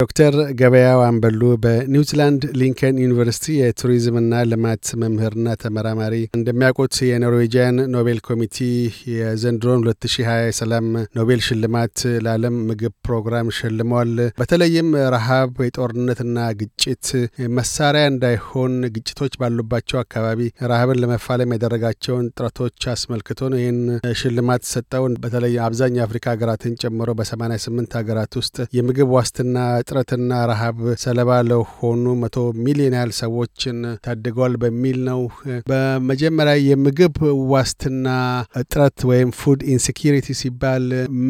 ዶክተር ገበያው አንበሉ በኒውዚላንድ ሊንከን ዩኒቨርሲቲ የቱሪዝምና ልማት መምህርና ተመራማሪ። እንደሚያውቁት የኖርዌጂያን ኖቤል ኮሚቲ የዘንድሮን 2020 የሰላም ኖቤል ሽልማት ለዓለም ምግብ ፕሮግራም ሸልመዋል። በተለይም ረሃብ፣ የጦርነትና ግጭት መሳሪያ እንዳይሆን ግጭቶች ባሉባቸው አካባቢ ረሃብን ለመፋለም ያደረጋቸውን ጥረቶች አስመልክቶ ነው ይህን ሽልማት ሰጠውን። በተለይ አብዛኛው አፍሪካ ሀገራትን ጨምሮ በ88 ሀገራት ውስጥ የምግብ ዋስትና እጥረትና ረሃብ ሰለባ ለሆኑ መቶ ሚሊዮን ያህል ሰዎችን ታድገዋል በሚል ነው። በመጀመሪያ የምግብ ዋስትና እጥረት ወይም ፉድ ኢንሴኪሪቲ ሲባል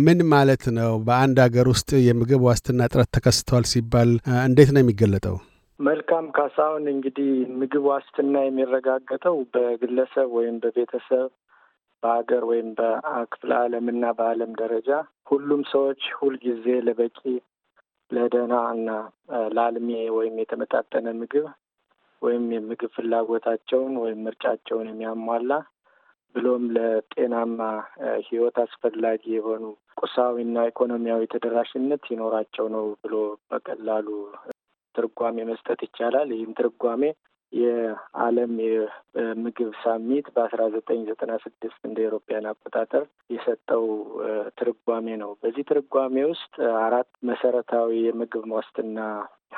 ምን ማለት ነው? በአንድ ሀገር ውስጥ የምግብ ዋስትና እጥረት ተከስተዋል ሲባል እንዴት ነው የሚገለጠው? መልካም ካሳሁን፣ እንግዲህ ምግብ ዋስትና የሚረጋገጠው በግለሰብ ወይም በቤተሰብ በሀገር ወይም በክፍለ ዓለም እና በዓለም ደረጃ ሁሉም ሰዎች ሁልጊዜ ለበቂ ለደህና እና ለአልሚ ወይም የተመጣጠነ ምግብ ወይም የምግብ ፍላጎታቸውን ወይም ምርጫቸውን የሚያሟላ ብሎም ለጤናማ ሕይወት አስፈላጊ የሆኑ ቁሳዊና ኢኮኖሚያዊ ተደራሽነት ይኖራቸው ነው ብሎ በቀላሉ ትርጓሜ መስጠት ይቻላል። ይህም ትርጓሜ የዓለም የምግብ ሳሚት በአስራ ዘጠኝ ዘጠና ስድስት እንደ ኤሮፓያን አቆጣጠር የሰጠው ትርጓሜ ነው። በዚህ ትርጓሜ ውስጥ አራት መሰረታዊ የምግብ ዋስትና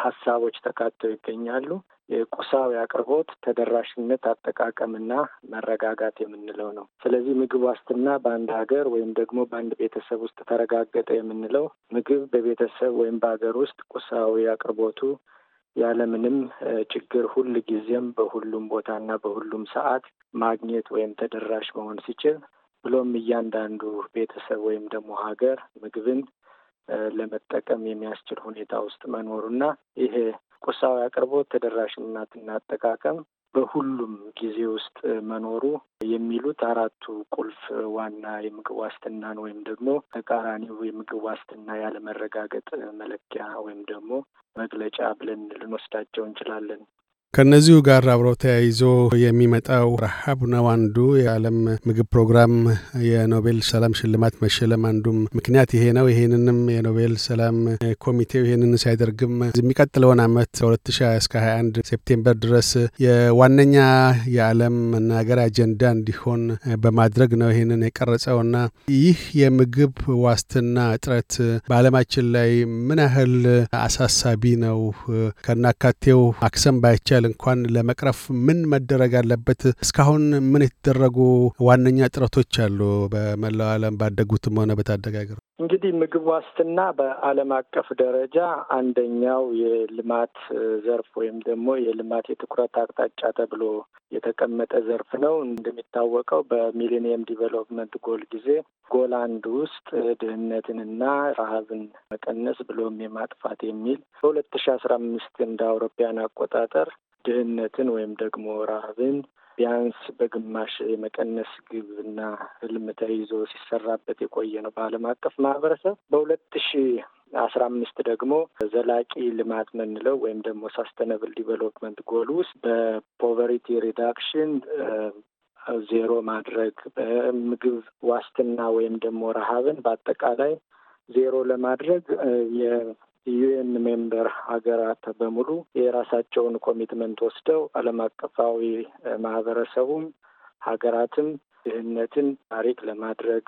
ሀሳቦች ተካተው ይገኛሉ። የቁሳዊ አቅርቦት፣ ተደራሽነት፣ አጠቃቀምና መረጋጋት የምንለው ነው። ስለዚህ ምግብ ዋስትና በአንድ ሀገር ወይም ደግሞ በአንድ ቤተሰብ ውስጥ ተረጋገጠ የምንለው ምግብ በቤተሰብ ወይም በሀገር ውስጥ ቁሳዊ አቅርቦቱ ያለምንም ችግር ሁል ጊዜም በሁሉም ቦታና በሁሉም ሰዓት ማግኘት ወይም ተደራሽ መሆን ሲችል ብሎም እያንዳንዱ ቤተሰብ ወይም ደግሞ ሀገር ምግብን ለመጠቀም የሚያስችል ሁኔታ ውስጥ መኖሩና ይሄ ቁሳዊ አቅርቦት ተደራሽነትና አጠቃቀም በሁሉም ጊዜ ውስጥ መኖሩ የሚሉት አራቱ ቁልፍ ዋና የምግብ ዋስትናን ወይም ደግሞ ተቃራኒው የምግብ ዋስትና ያለመረጋገጥ መለኪያ ወይም ደግሞ መግለጫ ብለን ልንወስዳቸው እንችላለን። ከእነዚሁ ጋር አብረው ተያይዞ የሚመጣው ረሃብ ነው አንዱ። የዓለም ምግብ ፕሮግራም የኖቤል ሰላም ሽልማት መሸለም አንዱም ምክንያት ይሄ ነው። ይሄንንም የኖቤል ሰላም ኮሚቴው ይሄንን ሲያደርግም የሚቀጥለውን ዓመት ከ 2021 እስከ 21 ሴፕቴምበር ድረስ የዋነኛ የዓለም መናገር አጀንዳ እንዲሆን በማድረግ ነው ይሄንን የቀረጸውና ይህ የምግብ ዋስትና እጥረት በዓለማችን ላይ ምን ያህል አሳሳቢ ነው ከናካቴው አክሰም ባይቻል መሰል እንኳን ለመቅረፍ ምን መደረግ አለበት? እስካሁን ምን የተደረጉ ዋነኛ ጥረቶች አሉ? በመላው ዓለም ባደጉትም ሆነ በታዳጊ እንግዲህ ምግብ ዋስትና በዓለም አቀፍ ደረጃ አንደኛው የልማት ዘርፍ ወይም ደግሞ የልማት የትኩረት አቅጣጫ ተብሎ የተቀመጠ ዘርፍ ነው። እንደሚታወቀው በሚሊኒየም ዲቨሎፕመንት ጎል ጊዜ ጎል አንድ ውስጥ ድህነትንና ረሃብን መቀነስ ብሎም የማጥፋት የሚል በሁለት ሺ አስራ አምስት እንደ አውሮፓያን አቆጣጠር ድህነትን ወይም ደግሞ ረሃብን ቢያንስ በግማሽ የመቀነስ ግብና ህልም ተይዞ ሲሰራበት የቆየ ነው በዓለም አቀፍ ማህበረሰብ በሁለት ሺ አስራ አምስት ደግሞ ዘላቂ ልማት ምንለው ወይም ደግሞ ሳስተነብል ዲቨሎፕመንት ጎል ውስጥ በፖቨርቲ ሪዳክሽን ዜሮ ማድረግ በምግብ ዋስትና ወይም ደግሞ ረሃብን በአጠቃላይ ዜሮ ለማድረግ የዩኤን ሜምበር ሀገራት በሙሉ የራሳቸውን ኮሚትመንት ወስደው ዓለም አቀፋዊ ማህበረሰቡም ሀገራትም ድህነትን ታሪክ ለማድረግ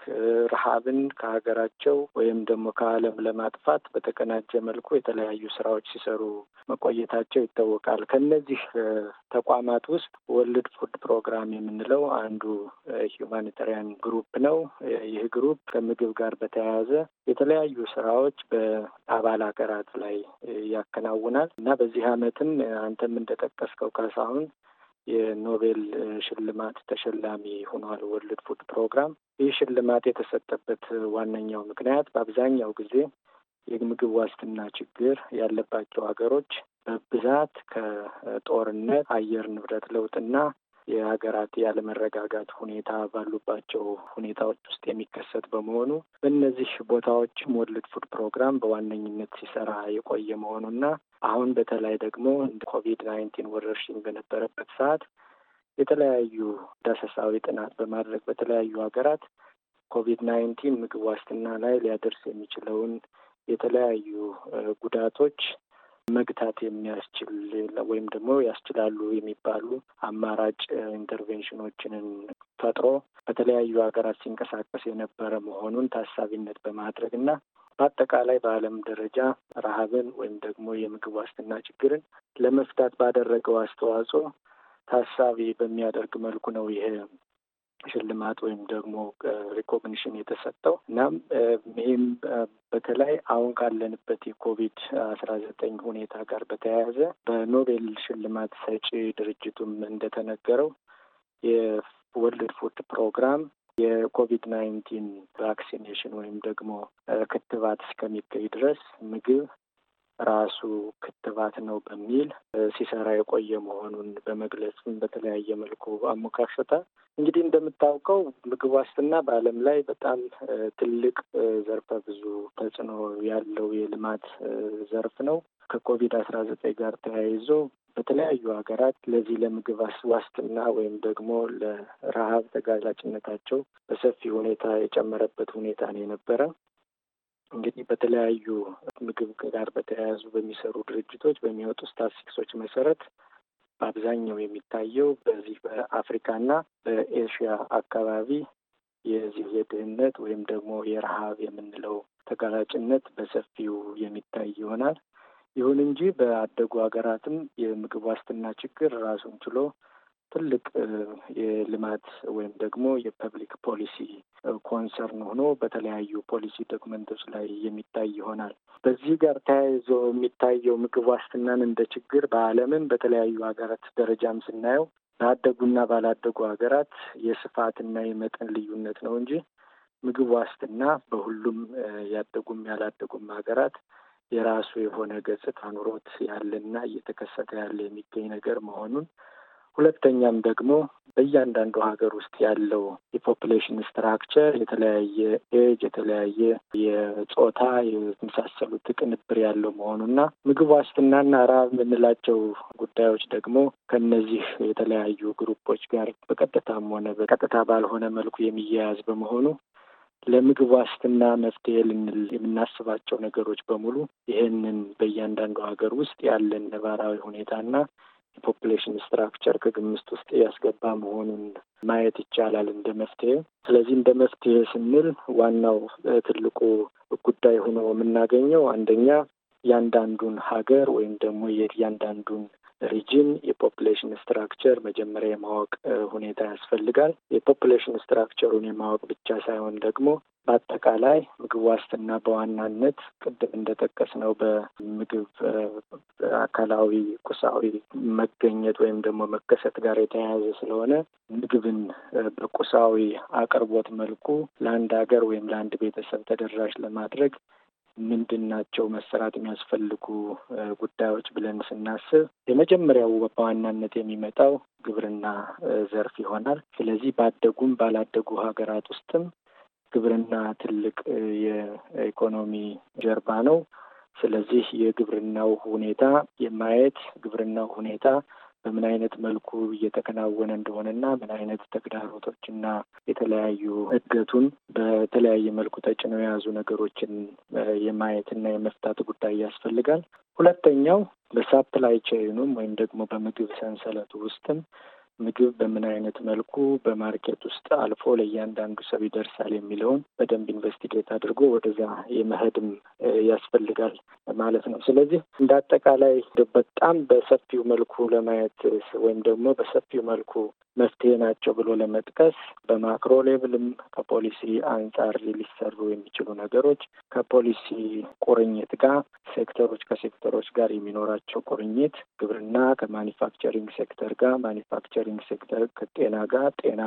ረሃብን ከሀገራቸው ወይም ደግሞ ከዓለም ለማጥፋት በተቀናጀ መልኩ የተለያዩ ስራዎች ሲሰሩ መቆየታቸው ይታወቃል። ከነዚህ ተቋማት ውስጥ ወርልድ ፉድ ፕሮግራም የምንለው አንዱ ሂዩማኒታሪያን ግሩፕ ነው። ይህ ግሩፕ ከምግብ ጋር በተያያዘ የተለያዩ ስራዎች በአባል ሀገራት ላይ ያከናውናል እና በዚህ አመትም አንተም እንደጠቀስከው ካሳሁን የኖቤል ሽልማት ተሸላሚ ሆኗል። ወርልድ ፉድ ፕሮግራም ይህ ሽልማት የተሰጠበት ዋነኛው ምክንያት በአብዛኛው ጊዜ የምግብ ዋስትና ችግር ያለባቸው ሀገሮች በብዛት ከጦርነት፣ አየር ንብረት ለውጥና የሀገራት ያለመረጋጋት ሁኔታ ባሉባቸው ሁኔታዎች ውስጥ የሚከሰት በመሆኑ በእነዚህ ቦታዎችም ወርልድ ፉድ ፕሮግራም በዋነኝነት ሲሰራ የቆየ መሆኑና አሁን በተለይ ደግሞ እንደ ኮቪድ ናይንቲን ወረርሽኝ በነበረበት ሰዓት የተለያዩ ዳሰሳዊ ጥናት በማድረግ በተለያዩ ሀገራት ኮቪድ ናይንቲን ምግብ ዋስትና ላይ ሊያደርስ የሚችለውን የተለያዩ ጉዳቶች መግታት የሚያስችል ወይም ደግሞ ያስችላሉ የሚባሉ አማራጭ ኢንተርቬንሽኖችን ፈጥሮ በተለያዩ ሀገራት ሲንቀሳቀስ የነበረ መሆኑን ታሳቢነት በማድረግ እና በአጠቃላይ በዓለም ደረጃ ረሃብን ወይም ደግሞ የምግብ ዋስትና ችግርን ለመፍታት ባደረገው አስተዋጽኦ ታሳቢ በሚያደርግ መልኩ ነው ይሄ ሽልማት ወይም ደግሞ ሪኮግኒሽን የተሰጠው እናም ይህም በተለይ አሁን ካለንበት የኮቪድ አስራ ዘጠኝ ሁኔታ ጋር በተያያዘ በኖቤል ሽልማት ሰጪ ድርጅቱም እንደተነገረው የወርልድ ፉድ ፕሮግራም የኮቪድ ናይንቲን ቫክሲኔሽን ወይም ደግሞ ክትባት እስከሚገኝ ድረስ ምግብ ራሱ ክትባት ነው በሚል ሲሰራ የቆየ መሆኑን በመግለጽ በተለያየ መልኩ አሞካሸታ። እንግዲህ እንደምታውቀው ምግብ ዋስትና በዓለም ላይ በጣም ትልቅ ዘርፈ ብዙ ተጽዕኖ ያለው የልማት ዘርፍ ነው። ከኮቪድ አስራ ዘጠኝ ጋር ተያይዞ በተለያዩ ሀገራት ለዚህ ለምግብ ዋስትና ወይም ደግሞ ለረሃብ ተጋላጭነታቸው በሰፊ ሁኔታ የጨመረበት ሁኔታ ነው የነበረ። እንግዲህ በተለያዩ ምግብ ጋር በተያያዙ በሚሰሩ ድርጅቶች በሚወጡ ስታትስቲክሶች መሰረት በአብዛኛው የሚታየው በዚህ በአፍሪካና በኤሽያ አካባቢ የዚህ የድህነት ወይም ደግሞ የረሃብ የምንለው ተጋላጭነት በሰፊው የሚታይ ይሆናል። ይሁን እንጂ በአደጉ ሀገራትም የምግብ ዋስትና ችግር ራሱን ችሎ ትልቅ የልማት ወይም ደግሞ የፐብሊክ ፖሊሲ ኮንሰርን ሆኖ በተለያዩ ፖሊሲ ዶክመንቶች ላይ የሚታይ ይሆናል። በዚህ ጋር ተያይዞ የሚታየው ምግብ ዋስትናን እንደ ችግር በዓለምም በተለያዩ ሀገራት ደረጃም ስናየው ባደጉና ባላደጉ ሀገራት የስፋትና የመጠን ልዩነት ነው እንጂ ምግብ ዋስትና በሁሉም ያደጉም ያላደጉም ሀገራት የራሱ የሆነ ገጽታ ኑሮት ያለና እየተከሰተ ያለ የሚገኝ ነገር መሆኑን ሁለተኛም ደግሞ በእያንዳንዱ ሀገር ውስጥ ያለው የፖፕሌሽን ስትራክቸር የተለያየ ኤጅ የተለያየ የጾታ የመሳሰሉት ቅንብር ያለው መሆኑና ምግብ ዋስትናና ራብ የምንላቸው ጉዳዮች ደግሞ ከነዚህ የተለያዩ ግሩፖች ጋር በቀጥታም ሆነ በቀጥታ ባልሆነ መልኩ የሚያያዝ በመሆኑ ለምግብ ዋስትና መፍትሄ ልንል የምናስባቸው ነገሮች በሙሉ ይህንን በእያንዳንዱ ሀገር ውስጥ ያለን ነባራዊ ሁኔታና ፖፕሌሽን ስትራክቸር ከግምት ውስጥ ያስገባ መሆኑን ማየት ይቻላል እንደ መፍትሄ። ስለዚህ እንደ መፍትሄ ስንል ዋናው ትልቁ ጉዳይ ሆኖ የምናገኘው አንደኛ እያንዳንዱን ሀገር ወይም ደግሞ የእያንዳንዱን ሪጅን የፖፕሌሽን ስትራክቸር መጀመሪያ የማወቅ ሁኔታ ያስፈልጋል። የፖፕሌሽን ስትራክቸሩን የማወቅ ብቻ ሳይሆን ደግሞ በአጠቃላይ ምግብ ዋስትና በዋናነት ቅድም ነው በምግብ አካላዊ፣ ቁሳዊ መገኘት ወይም ደግሞ መከሰት ጋር የተያያዘ ስለሆነ ምግብን በቁሳዊ አቅርቦት መልኩ ለአንድ ሀገር ወይም ለአንድ ቤተሰብ ተደራሽ ለማድረግ ምንድን ናቸው መሰራት የሚያስፈልጉ ጉዳዮች ብለን ስናስብ የመጀመሪያው በዋናነት የሚመጣው ግብርና ዘርፍ ይሆናል። ስለዚህ ባደጉም ባላደጉ ሀገራት ውስጥም ግብርና ትልቅ የኢኮኖሚ ጀርባ ነው። ስለዚህ የግብርናው ሁኔታ የማየት ግብርናው ሁኔታ በምን አይነት መልኩ እየተከናወነ እንደሆነና ምን አይነት ተግዳሮቶችና የተለያዩ እድገቱን በተለያየ መልኩ ተጭነው የያዙ ነገሮችን የማየትና የመፍታት ጉዳይ ያስፈልጋል። ሁለተኛው በሳፕላይ ቼኑም ወይም ደግሞ በምግብ ሰንሰለቱ ውስጥም ምግብ በምን አይነት መልኩ በማርኬት ውስጥ አልፎ ለእያንዳንዱ ሰው ይደርሳል የሚለውን በደንብ ኢንቨስቲጌት አድርጎ ወደዛ የመሄድም ያስፈልጋል ማለት ነው። ስለዚህ እንደ አጠቃላይ በጣም በሰፊው መልኩ ለማየት ወይም ደግሞ በሰፊው መልኩ መፍትሄ ናቸው ብሎ ለመጥቀስ በማክሮ ሌብልም ከፖሊሲ አንጻር ሊሰሩ የሚችሉ ነገሮች ከፖሊሲ ቁርኝት ጋር ሴክተሮች ከሴክተሮች ጋር የሚኖራቸው ቁርኝት ግብርና ከማኒፋክቸሪንግ ሴክተር ጋር ማኒፋክቸር ኢንጂነሪንግ ሴክተር ከጤና ጋር ጤና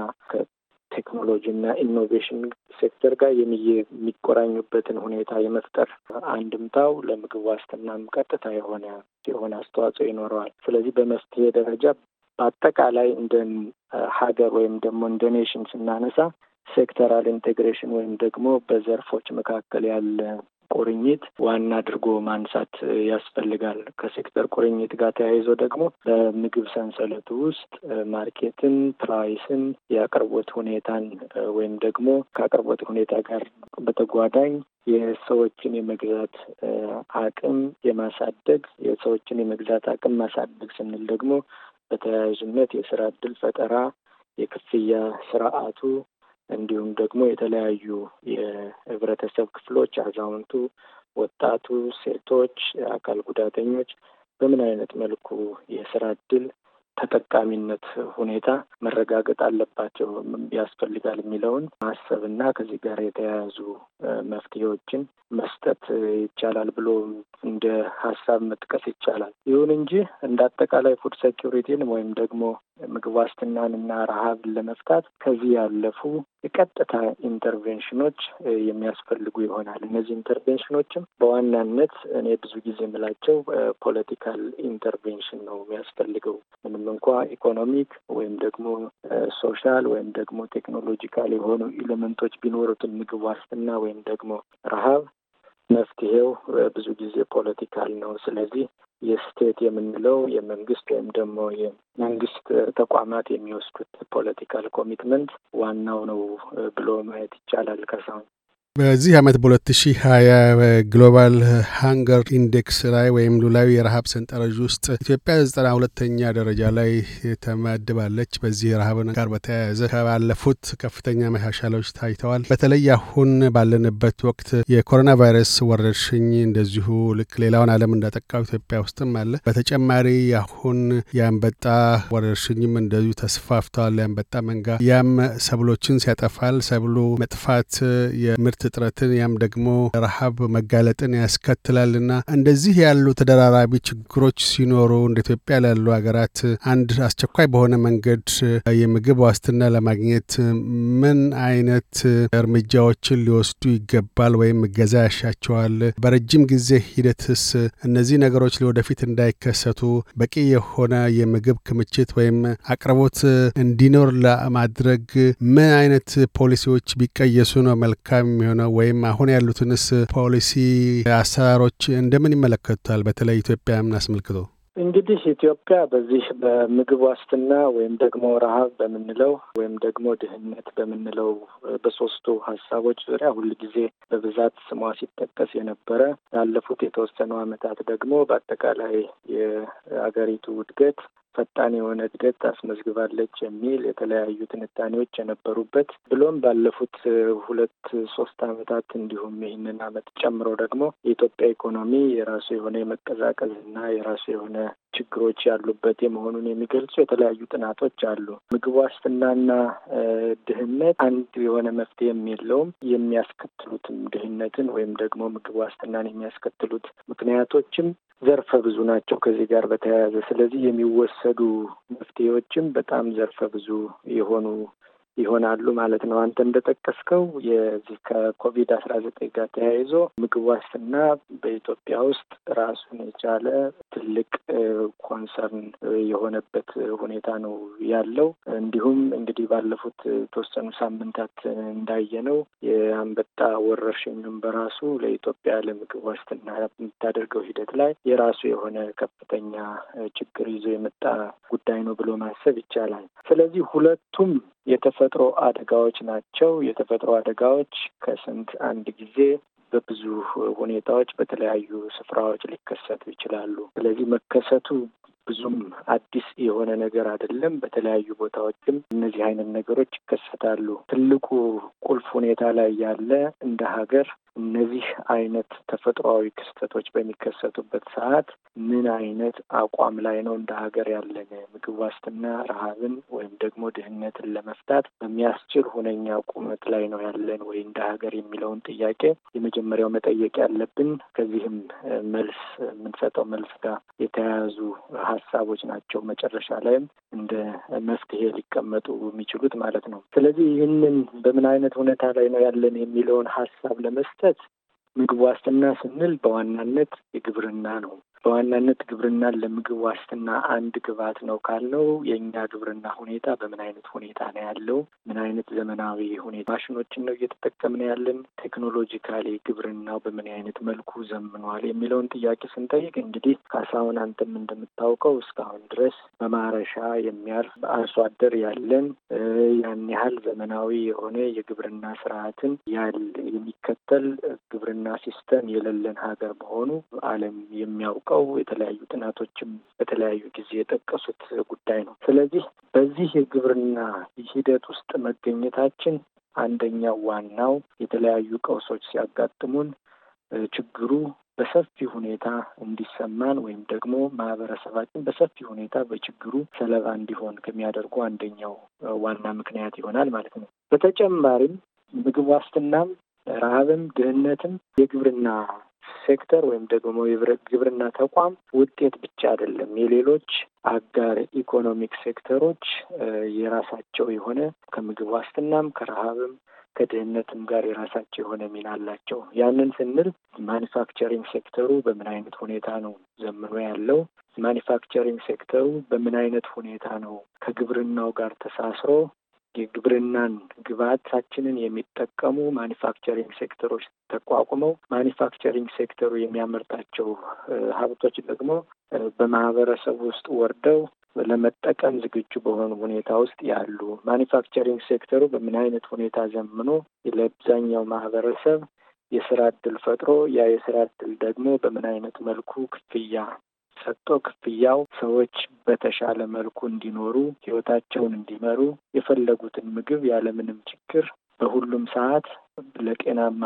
ቴክኖሎጂ እና ኢኖቬሽን ሴክተር ጋር የሚቆራኙበትን ሁኔታ የመፍጠር አንድምታው ለምግብ ዋስትናም ቀጥታ የሆነ የሆነ አስተዋጽኦ ይኖረዋል። ስለዚህ በመፍትሄ ደረጃ በአጠቃላይ እንደ ሀገር ወይም ደግሞ እንደ ኔሽን ስናነሳ ሴክተራል ኢንቴግሬሽን ወይም ደግሞ በዘርፎች መካከል ያለ ቁርኝት ዋና አድርጎ ማንሳት ያስፈልጋል። ከሴክተር ቁርኝት ጋር ተያይዞ ደግሞ በምግብ ሰንሰለቱ ውስጥ ማርኬትን፣ ፕራይስን፣ የአቅርቦት ሁኔታን ወይም ደግሞ ከአቅርቦት ሁኔታ ጋር በተጓዳኝ የሰዎችን የመግዛት አቅም የማሳደግ የሰዎችን የመግዛት አቅም ማሳደግ ስንል ደግሞ በተያያዥነት የስራ እድል ፈጠራ የክፍያ ስርዓቱ እንዲሁም ደግሞ የተለያዩ የህብረተሰብ ክፍሎች አዛውንቱ፣ ወጣቱ፣ ሴቶች፣ አካል ጉዳተኞች በምን አይነት መልኩ የስራ እድል ተጠቃሚነት ሁኔታ መረጋገጥ አለባቸው ያስፈልጋል የሚለውን ማሰብና ከዚህ ጋር የተያያዙ መፍትሄዎችን መስጠት ይቻላል ብሎ እንደ ሀሳብ መጥቀስ ይቻላል። ይሁን እንጂ እንደ አጠቃላይ ፉድ ሴኪሪቲን ወይም ደግሞ ምግብ ዋስትናንና ረሃብን ለመፍታት ከዚህ ያለፉ ቀጥታ ኢንተርቬንሽኖች የሚያስፈልጉ ይሆናል። እነዚህ ኢንተርቬንሽኖችም በዋናነት እኔ ብዙ ጊዜ የምላቸው ፖለቲካል ኢንተርቬንሽን ነው የሚያስፈልገው ምንም እንኳ ኢኮኖሚክ ወይም ደግሞ ሶሻል ወይም ደግሞ ቴክኖሎጂካል የሆኑ ኤሌመንቶች ቢኖሩትን ምግብ ዋስትና ወይም ደግሞ ረሀብ መፍትሄው ብዙ ጊዜ ፖለቲካል ነው። ስለዚህ የስቴት የምንለው የመንግስት ወይም ደግሞ የመንግስት ተቋማት የሚወስዱት ፖለቲካል ኮሚትመንት ዋናው ነው ብሎ ማየት ይቻላል። ከሳሁን በዚህ ዓመት በ2020 በግሎባል ሃንገር ኢንዴክስ ላይ ወይም ሉላዊ የረሃብ ሰንጠረዥ ውስጥ ኢትዮጵያ ዘጠና ሁለተኛ ደረጃ ላይ ተመድባለች። በዚህ ረሃብ ጋር በተያያዘ ከባለፉት ከፍተኛ መሻሻሎች ታይተዋል። በተለይ አሁን ባለንበት ወቅት የኮሮና ቫይረስ ወረርሽኝ እንደዚሁ ልክ ሌላውን ዓለም እንዳጠቃው ኢትዮጵያ ውስጥም አለ። በተጨማሪ አሁን የአንበጣ ወረርሽኝም እንደዚሁ ተስፋፍተዋል። የአንበጣ መንጋ ያም ሰብሎችን ሲያጠፋል። ሰብሉ መጥፋት የምርት እጥረትን ያም ደግሞ ረሃብ መጋለጥን ያስከትላልና እንደዚህ ያሉ ተደራራቢ ችግሮች ሲኖሩ እንደ ኢትዮጵያ ላሉ ሀገራት አንድ አስቸኳይ በሆነ መንገድ የምግብ ዋስትና ለማግኘት ምን አይነት እርምጃዎችን ሊወስዱ ይገባል ወይም እገዛ ያሻቸዋል? በረጅም ጊዜ ሂደትስ እነዚህ ነገሮች ለወደፊት እንዳይከሰቱ በቂ የሆነ የምግብ ክምችት ወይም አቅርቦት እንዲኖር ለማድረግ ምን አይነት ፖሊሲዎች ቢቀየሱ ነው መልካም የሚሆነው ወይም አሁን ያሉትንስ ፖሊሲ አሰራሮች እንደምን ይመለከቱታል? በተለይ ኢትዮጵያን አስመልክቶ እንግዲህ ኢትዮጵያ በዚህ በምግብ ዋስትና ወይም ደግሞ ረሀብ በምንለው ወይም ደግሞ ድህነት በምንለው በሶስቱ ሀሳቦች ዙሪያ ሁል ጊዜ በብዛት ስሟ ሲጠቀስ የነበረ ያለፉት የተወሰኑ ዓመታት ደግሞ በአጠቃላይ የአገሪቱ እድገት ፈጣን የሆነ እድገት ታስመዝግባለች የሚል የተለያዩ ትንታኔዎች የነበሩበት ብሎም ባለፉት ሁለት ሶስት አመታት እንዲሁም ይህንን አመት ጨምሮ ደግሞ የኢትዮጵያ ኢኮኖሚ የራሱ የሆነ የመቀዛቀዝ እና የራሱ የሆነ ችግሮች ያሉበት የመሆኑን የሚገልጹ የተለያዩ ጥናቶች አሉ። ምግብ ዋስትናና ድህነት አንድ የሆነ መፍትሄም የለውም። የሚያስከትሉትም ድህነትን ወይም ደግሞ ምግብ ዋስትናን የሚያስከትሉት ምክንያቶችም ዘርፈ ብዙ ናቸው ከዚህ ጋር በተያያዘ ስለዚህ የሚወሰዱ መፍትሄዎችም በጣም ዘርፈ ብዙ የሆኑ ይሆናሉ ማለት ነው። አንተ እንደጠቀስከው የዚህ ከኮቪድ አስራ ዘጠኝ ጋር ተያይዞ ምግብ ዋስትና በኢትዮጵያ ውስጥ ራሱን የቻለ ትልቅ ኮንሰርን የሆነበት ሁኔታ ነው ያለው። እንዲሁም እንግዲህ ባለፉት የተወሰኑ ሳምንታት እንዳየነው የአንበጣ ወረርሽኝም በራሱ ለኢትዮጵያ ለምግብ ዋስትና የምታደርገው ሂደት ላይ የራሱ የሆነ ከፍተኛ ችግር ይዞ የመጣ ጉዳይ ነው ብሎ ማሰብ ይቻላል። ስለዚህ ሁለቱም የተፈጥሮ አደጋዎች ናቸው። የተፈጥሮ አደጋዎች ከስንት አንድ ጊዜ በብዙ ሁኔታዎች በተለያዩ ስፍራዎች ሊከሰቱ ይችላሉ። ስለዚህ መከሰቱ ብዙም አዲስ የሆነ ነገር አይደለም። በተለያዩ ቦታዎችም እነዚህ አይነት ነገሮች ይከሰታሉ። ትልቁ ቁልፍ ሁኔታ ላይ ያለ እንደ ሀገር እነዚህ አይነት ተፈጥሯዊ ክስተቶች በሚከሰቱበት ሰዓት ምን አይነት አቋም ላይ ነው እንደ ሀገር ያለን? ምግብ ዋስትና ረሃብን ወይም ደግሞ ድህነትን ለመፍታት በሚያስችል ሁነኛ ቁመት ላይ ነው ያለን ወይ እንደ ሀገር የሚለውን ጥያቄ የመጀመሪያው መጠየቅ ያለብን ከዚህም መልስ የምንሰጠው መልስ ጋር የተያያዙ ሀሳቦች ናቸው መጨረሻ ላይም እንደ መፍትሄ ሊቀመጡ የሚችሉት ማለት ነው። ስለዚህ ይህንን በምን አይነት ሁኔታ ላይ ነው ያለን የሚለውን ሀሳብ ለመስጠት ምግብ ዋስትና ስንል በዋናነት የግብርና ነው። በዋናነት ግብርናን ለምግብ ዋስትና አንድ ግብዓት ነው ካልነው የእኛ ግብርና ሁኔታ በምን አይነት ሁኔታ ነው ያለው? ምን አይነት ዘመናዊ ሁኔታ ማሽኖችን ነው እየተጠቀምን ያለን? ቴክኖሎጂካሊ ግብርናው በምን አይነት መልኩ ዘምኗል? የሚለውን ጥያቄ ስንጠይቅ እንግዲህ ካሳሁን፣ አንተም እንደምታውቀው እስካሁን ድረስ በማረሻ የሚያርፍ አርሶ አደር ያለን ያን ያህል ዘመናዊ የሆነ የግብርና ስርዓትን ያል የሚከተል ግብርና ሲስተም የሌለን ሀገር መሆኑ ዓለም የሚያውቅ የሚታወቀው የተለያዩ ጥናቶችም በተለያዩ ጊዜ የጠቀሱት ጉዳይ ነው። ስለዚህ በዚህ የግብርና ሂደት ውስጥ መገኘታችን አንደኛው ዋናው የተለያዩ ቀውሶች ሲያጋጥሙን ችግሩ በሰፊ ሁኔታ እንዲሰማን ወይም ደግሞ ማህበረሰባችን በሰፊ ሁኔታ በችግሩ ሰለባ እንዲሆን ከሚያደርጉ አንደኛው ዋና ምክንያት ይሆናል ማለት ነው። በተጨማሪም ምግብ ዋስትናም፣ ረሃብም፣ ድህነትም የግብርና ሴክተር ወይም ደግሞ ግብርና ተቋም ውጤት ብቻ አይደለም። የሌሎች አጋር ኢኮኖሚክ ሴክተሮች የራሳቸው የሆነ ከምግብ ዋስትናም ከረሃብም ከድህነትም ጋር የራሳቸው የሆነ ሚና አላቸው። ያንን ስንል ማኒፋክቸሪንግ ሴክተሩ በምን አይነት ሁኔታ ነው ዘምኖ ያለው? ማኒፋክቸሪንግ ሴክተሩ በምን አይነት ሁኔታ ነው ከግብርናው ጋር ተሳስሮ የግብርናን ግብዓታችንን የሚጠቀሙ ማኒፋክቸሪንግ ሴክተሮች ተቋቁመው ማኒፋክቸሪንግ ሴክተሩ የሚያመርታቸው ሀብቶች ደግሞ በማህበረሰብ ውስጥ ወርደው ለመጠቀም ዝግጁ በሆኑ ሁኔታ ውስጥ ያሉ ማኒፋክቸሪንግ ሴክተሩ በምን አይነት ሁኔታ ዘምኖ ለአብዛኛው ማህበረሰብ የስራ እድል ፈጥሮ ያ የስራ እድል ደግሞ በምን አይነት መልኩ ክፍያ ሰጥቶ ክፍያው ሰዎች በተሻለ መልኩ እንዲኖሩ ህይወታቸውን እንዲመሩ የፈለጉትን ምግብ ያለምንም ችግር በሁሉም ሰዓት ለጤናማ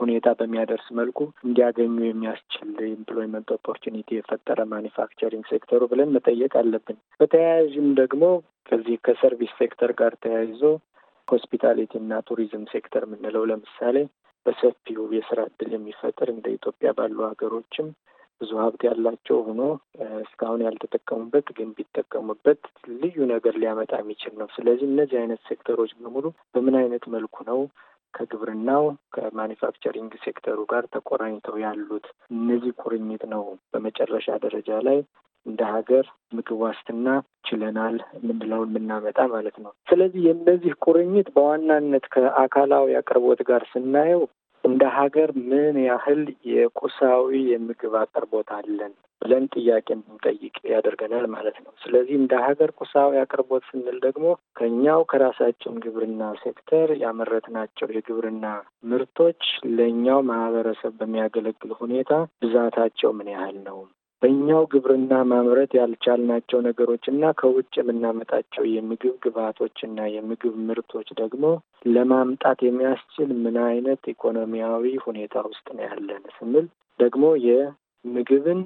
ሁኔታ በሚያደርስ መልኩ እንዲያገኙ የሚያስችል ኤምፕሎይመንት ኦፖርቹኒቲ የፈጠረ ማኒፋክቸሪንግ ሴክተሩ ብለን መጠየቅ አለብን። በተያያዥም ደግሞ ከዚህ ከሰርቪስ ሴክተር ጋር ተያይዞ ሆስፒታሊቲ እና ቱሪዝም ሴክተር የምንለው ለምሳሌ በሰፊው የስራ እድል የሚፈጥር እንደ ኢትዮጵያ ባሉ ሀገሮችም ብዙ ሀብት ያላቸው ሆኖ እስካሁን ያልተጠቀሙበት ግን ቢጠቀሙበት ልዩ ነገር ሊያመጣ የሚችል ነው። ስለዚህ እነዚህ አይነት ሴክተሮች በሙሉ በምን አይነት መልኩ ነው ከግብርናው ከማኒፋክቸሪንግ ሴክተሩ ጋር ተቆራኝተው ያሉት? እነዚህ ቁርኝት ነው በመጨረሻ ደረጃ ላይ እንደ ሀገር ምግብ ዋስትና ችለናል የምንለው የምናመጣ ማለት ነው። ስለዚህ የእነዚህ ቁርኝት በዋናነት ከአካላዊ አቅርቦት ጋር ስናየው እንደ ሀገር ምን ያህል የቁሳዊ የምግብ አቅርቦት አለን ብለን ጥያቄ እንድንጠይቅ ያደርገናል ማለት ነው። ስለዚህ እንደ ሀገር ቁሳዊ አቅርቦት ስንል ደግሞ ከኛው ከራሳችን ግብርና ሴክተር ያመረትናቸው የግብርና ምርቶች ለእኛው ማህበረሰብ በሚያገለግል ሁኔታ ብዛታቸው ምን ያህል ነው? በእኛው ግብርና ማምረት ያልቻልናቸው ነገሮች እና ከውጭ የምናመጣቸው የምግብ ግብዓቶች እና የምግብ ምርቶች ደግሞ ለማምጣት የሚያስችል ምን አይነት ኢኮኖሚያዊ ሁኔታ ውስጥ ነው ያለን ስንል ደግሞ የምግብን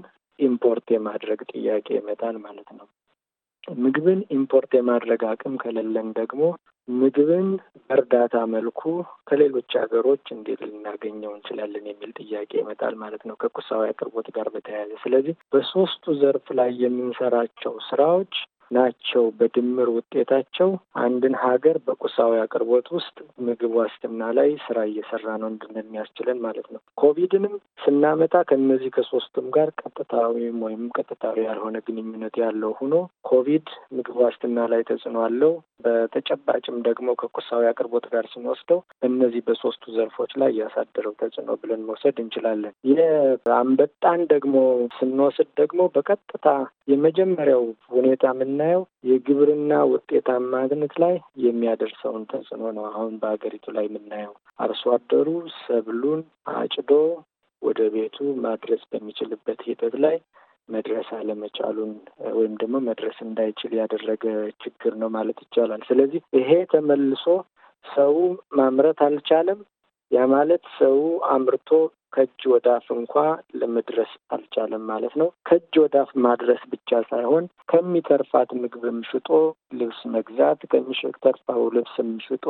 ኢምፖርት የማድረግ ጥያቄ ይመጣል ማለት ነው። ምግብን ኢምፖርት የማድረግ አቅም ከሌለን ደግሞ ምግብን በእርዳታ መልኩ ከሌሎች ሀገሮች እንዴት ልናገኘው እንችላለን የሚል ጥያቄ ይመጣል ማለት ነው ከቁሳዊ አቅርቦት ጋር በተያያዘ። ስለዚህ በሶስቱ ዘርፍ ላይ የምንሰራቸው ስራዎች ናቸው። በድምር ውጤታቸው አንድን ሀገር በቁሳዊ አቅርቦት ውስጥ ምግብ ዋስትና ላይ ስራ እየሰራ ነው እንደሚያስችለን ማለት ነው። ኮቪድንም ስናመጣ ከነዚህ ከሶስቱም ጋር ቀጥታዊም ወይም ቀጥታዊ ያልሆነ ግንኙነት ያለው ሆኖ ኮቪድ ምግብ ዋስትና ላይ ተጽዕኖ አለው። በተጨባጭም ደግሞ ከቁሳዊ አቅርቦት ጋር ስንወስደው እነዚህ በሶስቱ ዘርፎች ላይ ያሳደረው ተጽዕኖ ብለን መውሰድ እንችላለን። የአንበጣን ደግሞ ስንወስድ ደግሞ በቀጥታ የመጀመሪያው ሁኔታ ምና የምናየው የግብርና ውጤታማነት ላይ የሚያደርሰውን ተጽዕኖ ነው። አሁን በሀገሪቱ ላይ የምናየው አርሶ አደሩ ሰብሉን አጭዶ ወደ ቤቱ ማድረስ በሚችልበት ሂደት ላይ መድረስ አለመቻሉን ወይም ደግሞ መድረስ እንዳይችል ያደረገ ችግር ነው ማለት ይቻላል። ስለዚህ ይሄ ተመልሶ ሰው ማምረት አልቻለም፣ ያ ማለት ሰው አምርቶ ከእጅ ወዳፍ እንኳ ለመድረስ አልቻለም ማለት ነው። ከእጅ ወዳፍ ማድረስ ብቻ ሳይሆን ከሚተርፋት ምግብም ሽጦ ልብስ መግዛት፣ ከሚተርፋው ልብስም ሽጦ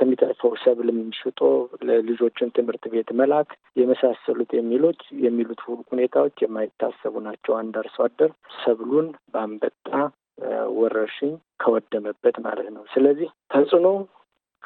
ከሚተርፈው ሰብልም ሽጦ ለልጆችን ትምህርት ቤት መላክ የመሳሰሉት የሚሎች የሚሉት ሁኔታዎች የማይታሰቡ ናቸው። አንድ አርሶ አደር ሰብሉን በአንበጣ ወረርሽኝ ከወደመበት ማለት ነው። ስለዚህ ተጽዕኖ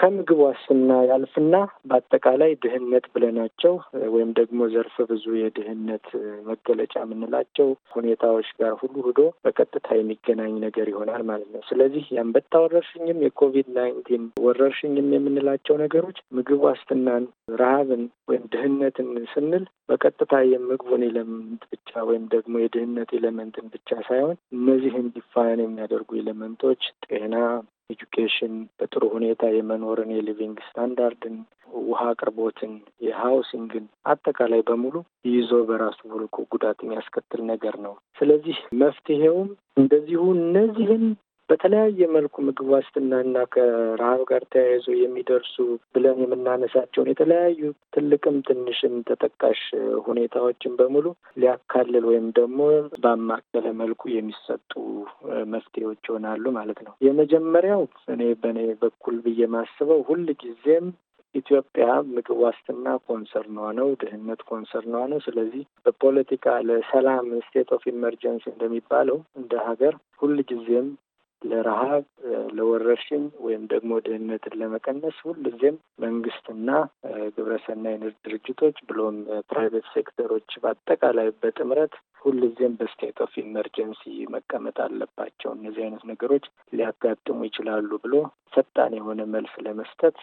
ከምግብ ዋስትና ያልፍና በአጠቃላይ ድህነት ብለናቸው ወይም ደግሞ ዘርፈ ብዙ የድህነት መገለጫ የምንላቸው ሁኔታዎች ጋር ሁሉ ሂዶ በቀጥታ የሚገናኝ ነገር ይሆናል ማለት ነው። ስለዚህ የአንበጣ ወረርሽኝም የኮቪድ ናይንቲን ወረርሽኝም የምንላቸው ነገሮች ምግብ ዋስትናን፣ ረሃብን ወይም ድህነትን ስንል በቀጥታ የምግቡን ኤሌመንት ብቻ ወይም ደግሞ የድህነት ኤሌመንትን ብቻ ሳይሆን እነዚህን ዲፋይን የሚያደርጉ ኤሌመንቶች ጤና፣ ኤጁኬሽን፣ በጥሩ ሁኔታ የመኖርን፣ የሊቪንግ ስታንዳርድን፣ ውሃ አቅርቦትን፣ የሃውሲንግን አጠቃላይ በሙሉ ይዞ በራሱ ብልቁ ጉዳት የሚያስከትል ነገር ነው። ስለዚህ መፍትሄውም እንደዚሁ እነዚህን በተለያየ መልኩ ምግብ ዋስትናና ከረሃብ ጋር ተያይዞ የሚደርሱ ብለን የምናነሳቸውን የተለያዩ ትልቅም ትንሽም ተጠቃሽ ሁኔታዎችን በሙሉ ሊያካልል ወይም ደግሞ ባማከለ መልኩ የሚሰጡ መፍትሄዎች ይሆናሉ ማለት ነው። የመጀመሪያው እኔ በእኔ በኩል ብዬ ማስበው ሁል ጊዜም ኢትዮጵያ ምግብ ዋስትና ኮንሰርኗ ነው፣ ድህነት ኮንሰርኗ ነው። ስለዚህ በፖለቲካ ለሰላም ስቴት ኦፍ ኢመርጀንሲ እንደሚባለው እንደ ሀገር ሁል ጊዜም ለረሃብ፣ ለወረርሽኝ ወይም ደግሞ ድህነትን ለመቀነስ ሁልጊዜም መንግስትና ግብረሰናይ ድርጅቶች ብሎም ፕራይቬት ሴክተሮች በአጠቃላይ በጥምረት ሁልጊዜም በስቴት ኦፍ ኢመርጀንሲ መቀመጥ አለባቸው። እነዚህ አይነት ነገሮች ሊያጋጥሙ ይችላሉ ብሎ ፈጣን የሆነ መልስ ለመስጠት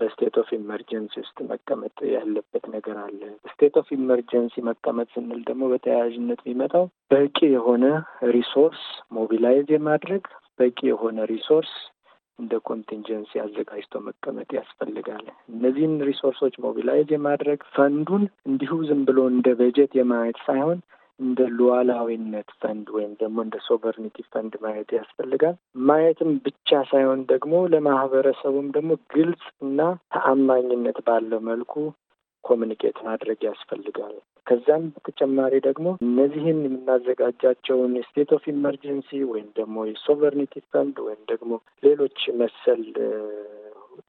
በስቴት ኦፍ ኢመርጀንሲ ውስጥ መቀመጥ ያለበት ነገር አለ። ስቴት ኦፍ ኢመርጀንሲ መቀመጥ ስንል ደግሞ በተያያዥነት የሚመጣው በቂ የሆነ ሪሶርስ ሞቢላይዝ የማድረግ በቂ የሆነ ሪሶርስ እንደ ኮንቲንጀንሲ አዘጋጅቶ መቀመጥ ያስፈልጋል። እነዚህን ሪሶርሶች ሞቢላይዝ የማድረግ ፈንዱን እንዲሁ ዝም ብሎ እንደ በጀት የማየት ሳይሆን እንደ ሉዓላዊነት ፈንድ ወይም ደግሞ እንደ ሶቨርኒቲ ፈንድ ማየት ያስፈልጋል። ማየትም ብቻ ሳይሆን ደግሞ ለማህበረሰቡም ደግሞ ግልጽ እና ተአማኝነት ባለው መልኩ ኮሚኒኬት ማድረግ ያስፈልጋል። ከዛም በተጨማሪ ደግሞ እነዚህን የምናዘጋጃቸውን የስቴት ኦፍ ኢመርጀንሲ ወይም ደግሞ የሶቨርኒቲ ፈንድ ወይም ደግሞ ሌሎች መሰል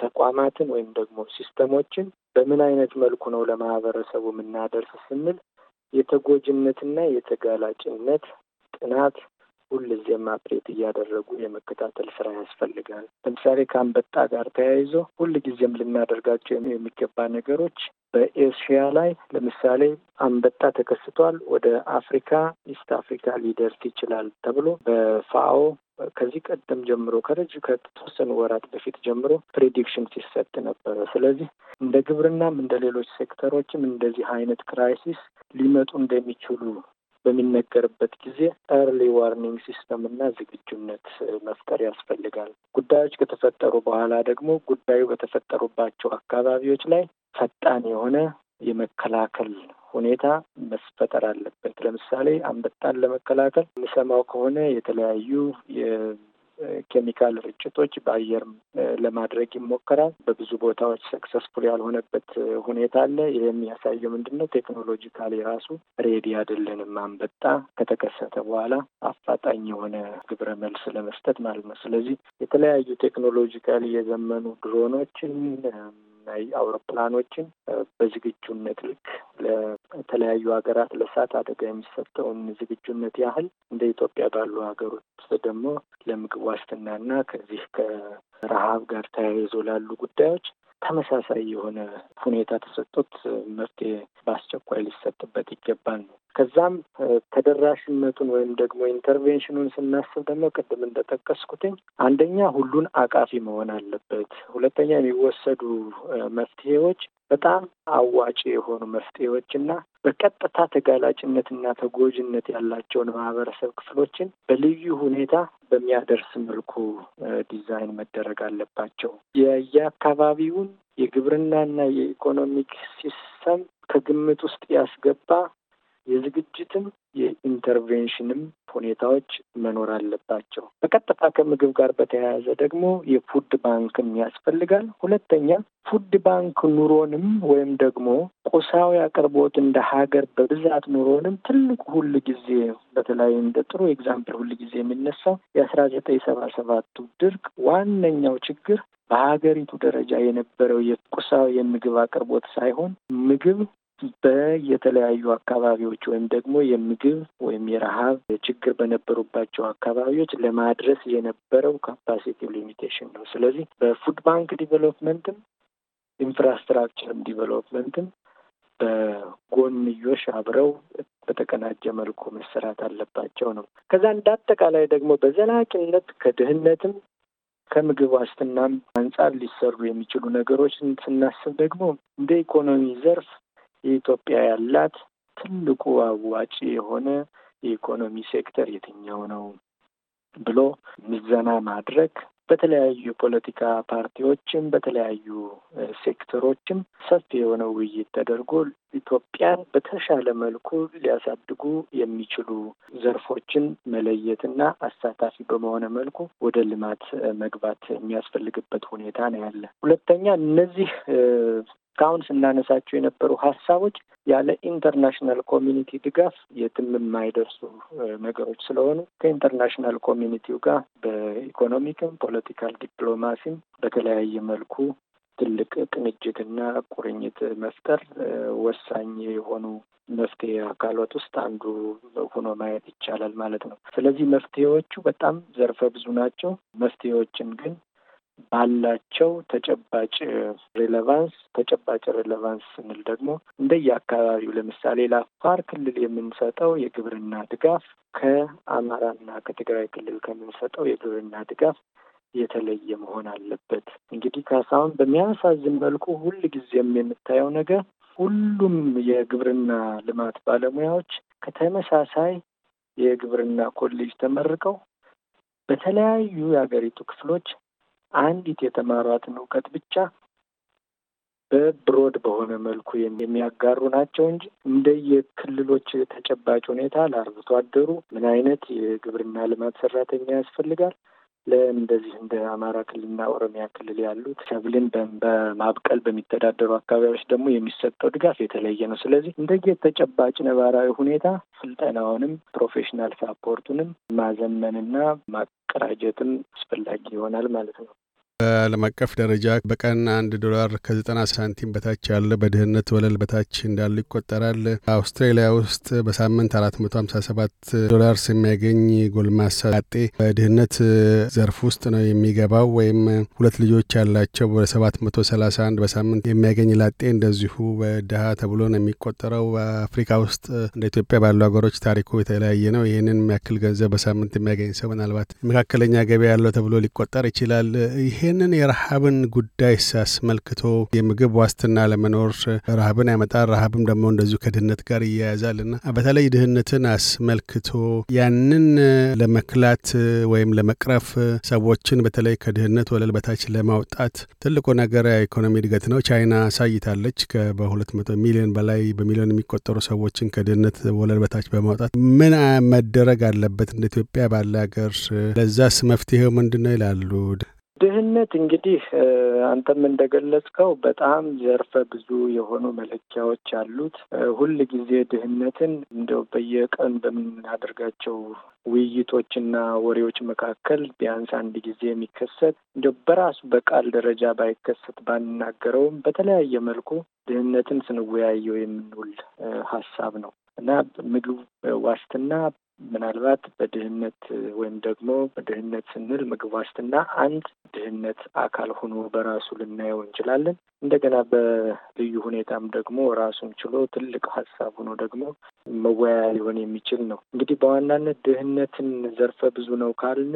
ተቋማትን ወይም ደግሞ ሲስተሞችን በምን አይነት መልኩ ነው ለማህበረሰቡ የምናደርስ ስንል የተጎጂነትና የተጋላጭነት ጥናት ሁልጊዜ ማፕሬት እያደረጉ የመከታተል ስራ ያስፈልጋል። ለምሳሌ ከአንበጣ ጋር ተያይዞ ሁልጊዜም ልናደርጋቸው የሚገባ ነገሮች በኤስያ ላይ ለምሳሌ አንበጣ ተከስቷል፣ ወደ አፍሪካ ኢስት አፍሪካ ሊደርስ ይችላል ተብሎ በፋኦ ከዚህ ቀደም ጀምሮ ከረጅ ከተወሰኑ ወራት በፊት ጀምሮ ፕሬዲክሽን ሲሰጥ ነበረ። ስለዚህ እንደ ግብርናም እንደ ሌሎች ሴክተሮችም እንደዚህ አይነት ክራይሲስ ሊመጡ እንደሚችሉ በሚነገርበት ጊዜ ኤርሊ ዋርኒንግ ሲስተም እና ዝግጁነት መፍጠር ያስፈልጋል። ጉዳዮች ከተፈጠሩ በኋላ ደግሞ ጉዳዩ በተፈጠሩባቸው አካባቢዎች ላይ ፈጣን የሆነ የመከላከል ሁኔታ መስፈጠር አለበት። ለምሳሌ አንበጣን ለመከላከል የሚሰማው ከሆነ የተለያዩ ኬሚካል ርጭቶች በአየር ለማድረግ ይሞከራል። በብዙ ቦታዎች ሰክሰስፉል ያልሆነበት ሁኔታ አለ። ይህ የሚያሳየው ምንድን ነው? ቴክኖሎጂካሊ ራሱ ሬዲ አይደለንም። አንበጣ ከተከሰተ በኋላ አፋጣኝ የሆነ ግብረ መልስ ለመስጠት ማለት ነው። ስለዚህ የተለያዩ ቴክኖሎጂካሊ የዘመኑ ድሮኖችን አውሮፕላኖችን በዝግጁነት ልክ ለተለያዩ ሀገራት ለእሳት አደጋ የሚሰጠውን ዝግጁነት ያህል እንደ ኢትዮጵያ ባሉ ሀገሮች ደግሞ ለምግብ ዋስትናና ከዚህ ከረሃብ ጋር ተያይዞ ላሉ ጉዳዮች ተመሳሳይ የሆነ ሁኔታ ተሰጥቶት መፍትሄ በአስቸኳይ ሊሰጥበት ይገባል ነው። ከዛም ተደራሽነቱን ወይም ደግሞ ኢንተርቬንሽኑን ስናስብ ደግሞ ቅድም እንደጠቀስኩትኝ አንደኛ ሁሉን አቃፊ መሆን አለበት። ሁለተኛ የሚወሰዱ መፍትሄዎች በጣም አዋጭ የሆኑ መፍትሄዎችና በቀጥታ ተጋላጭነትና ተጎጂነት ያላቸውን ማህበረሰብ ክፍሎችን በልዩ ሁኔታ በሚያደርስ መልኩ ዲዛይን መደረግ አለባቸው። የየአካባቢውን የግብርናና የኢኮኖሚክ ሲስተም ከግምት ውስጥ ያስገባ የዝግጅትም የኢንተርቬንሽንም ሁኔታዎች መኖር አለባቸው። በቀጥታ ከምግብ ጋር በተያያዘ ደግሞ የፉድ ባንክም ያስፈልጋል። ሁለተኛ ፉድ ባንክ ኑሮንም ወይም ደግሞ ቁሳዊ አቅርቦት እንደ ሀገር በብዛት ኑሮንም ትልቁ ሁል ጊዜ በተለይ እንደ ጥሩ ኤግዛምፕል ሁል ጊዜ የሚነሳው የአስራ ዘጠኝ ሰባ ሰባቱ ድርቅ ዋነኛው ችግር በሀገሪቱ ደረጃ የነበረው የቁሳዊ የምግብ አቅርቦት ሳይሆን ምግብ በየተለያዩ አካባቢዎች ወይም ደግሞ የምግብ ወይም የረሀብ ችግር በነበሩባቸው አካባቢዎች ለማድረስ የነበረው ካፓሲቲ ሊሚቴሽን ነው። ስለዚህ በፉድ ባንክ ዲቨሎፕመንትም ኢንፍራስትራክቸርም ዲቨሎፕመንትም በጎንዮሽ አብረው በተቀናጀ መልኩ መሰራት አለባቸው ነው። ከዛ እንዳጠቃላይ ደግሞ በዘላቂነት ከድህነትም ከምግብ ዋስትናም አንጻር ሊሰሩ የሚችሉ ነገሮችን ስናስብ ደግሞ እንደ ኢኮኖሚ ዘርፍ የኢትዮጵያ ያላት ትልቁ አዋጪ የሆነ የኢኮኖሚ ሴክተር የትኛው ነው ብሎ ምዘና ማድረግ በተለያዩ የፖለቲካ ፓርቲዎችም በተለያዩ ሴክተሮችም ሰፊ የሆነ ውይይት ተደርጎ ኢትዮጵያን በተሻለ መልኩ ሊያሳድጉ የሚችሉ ዘርፎችን መለየትና አሳታፊ በመሆነ መልኩ ወደ ልማት መግባት የሚያስፈልግበት ሁኔታ ነው ያለ። ሁለተኛ እነዚህ እስካሁን ስናነሳቸው የነበሩ ሀሳቦች ያለ ኢንተርናሽናል ኮሚኒቲ ድጋፍ የትም የማይደርሱ ነገሮች ስለሆኑ ከኢንተርናሽናል ኮሚኒቲው ጋር በኢኮኖሚክም፣ ፖለቲካል ዲፕሎማሲም በተለያየ መልኩ ትልቅ ቅንጅትና ቁርኝት መፍጠር ወሳኝ የሆኑ መፍትሄ አካላት ውስጥ አንዱ ሆኖ ማየት ይቻላል ማለት ነው። ስለዚህ መፍትሄዎቹ በጣም ዘርፈ ብዙ ናቸው። መፍትሄዎችን ግን ባላቸው ተጨባጭ ሬሌቫንስ ተጨባጭ ሬሌቫንስ ስንል ደግሞ እንደየአካባቢው ለምሳሌ ለአፋር ክልል የምንሰጠው የግብርና ድጋፍ ከአማራና ከትግራይ ክልል ከምንሰጠው የግብርና ድጋፍ የተለየ መሆን አለበት። እንግዲህ ካሳሁን በሚያሳዝን መልኩ ሁል ጊዜም የምታየው ነገር ሁሉም የግብርና ልማት ባለሙያዎች ከተመሳሳይ የግብርና ኮሌጅ ተመርቀው በተለያዩ የሀገሪቱ ክፍሎች አንዲት የተማሯትን እውቀት ብቻ በብሮድ በሆነ መልኩ የሚያጋሩ ናቸው እንጂ እንደየክልሎች ተጨባጭ ሁኔታ ለአርብቶ አደሩ ምን አይነት የግብርና ልማት ሰራተኛ ያስፈልጋል ለእንደዚህ እንደ አማራ ክልልና ኦሮሚያ ክልል ያሉት ሰብልን በማብቀል በሚተዳደሩ አካባቢዎች ደግሞ የሚሰጠው ድጋፍ የተለየ ነው። ስለዚህ እንደየ ተጨባጭ ነባራዊ ሁኔታ ስልጠናውንም ፕሮፌሽናል ሳፖርቱንም ማዘመንና ማቀራጀትም አስፈላጊ ይሆናል ማለት ነው። በዓለም አቀፍ ደረጃ በቀን አንድ ዶላር ከዘጠና ሳንቲም በታች ያለ በድህነት ወለል በታች እንዳለ ይቆጠራል። አውስትራሊያ ውስጥ በሳምንት አራት መቶ ሀምሳ ሰባት ዶላርስ የሚያገኝ ጎልማሳ ላጤ በድህነት ዘርፍ ውስጥ ነው የሚገባው። ወይም ሁለት ልጆች ያላቸው በሰባት መቶ ሰላሳ አንድ በሳምንት የሚያገኝ ላጤ እንደዚሁ በድሀ ተብሎ ነው የሚቆጠረው። በአፍሪካ ውስጥ እንደ ኢትዮጵያ ባሉ ሀገሮች ታሪኩ የተለያየ ነው። ይህንን የሚያክል ገንዘብ በሳምንት የሚያገኝ ሰው ምናልባት መካከለኛ ገቢ ያለው ተብሎ ሊቆጠር ይችላል። ይሄ ይህንን የረሃብን ጉዳይ አስመልክቶ የምግብ ዋስትና ለመኖር ረሃብን ያመጣል፣ ረሃብም ደግሞ እንደዚሁ ከድህነት ጋር እያያዛል እና በተለይ ድህነትን አስመልክቶ ያንን ለመክላት ወይም ለመቅረፍ ሰዎችን በተለይ ከድህነት ወለል በታች ለማውጣት ትልቁ ነገር የኢኮኖሚ እድገት ነው። ቻይና አሳይታለች በ200 ሚሊዮን በላይ በሚሊዮን የሚቆጠሩ ሰዎችን ከድህነት ወለል በታች በማውጣት ምን መደረግ አለበት? እንደ ኢትዮጵያ ባለ ሀገር ለዛስ መፍትሄው ምንድን ነው ይላሉ? ድህነት እንግዲህ አንተም እንደገለጽከው በጣም ዘርፈ ብዙ የሆኑ መለኪያዎች አሉት። ሁል ጊዜ ድህነትን እንደው በየቀን በምናደርጋቸው ውይይቶችና ወሬዎች መካከል ቢያንስ አንድ ጊዜ የሚከሰት እንደው በራሱ በቃል ደረጃ ባይከሰት ባንናገረውም በተለያየ መልኩ ድህነትን ስንወያየው የምንውል ሀሳብ ነው እና ምግብ ዋስትና ምናልባት በድህነት ወይም ደግሞ በድህነት ስንል ምግብ ዋስትና አንድ ድህነት አካል ሆኖ በራሱ ልናየው እንችላለን። እንደገና በልዩ ሁኔታም ደግሞ ራሱን ችሎ ትልቅ ሀሳብ ሆኖ ደግሞ መወያያ ሊሆን የሚችል ነው። እንግዲህ በዋናነት ድህነትን ዘርፈ ብዙ ነው ካልን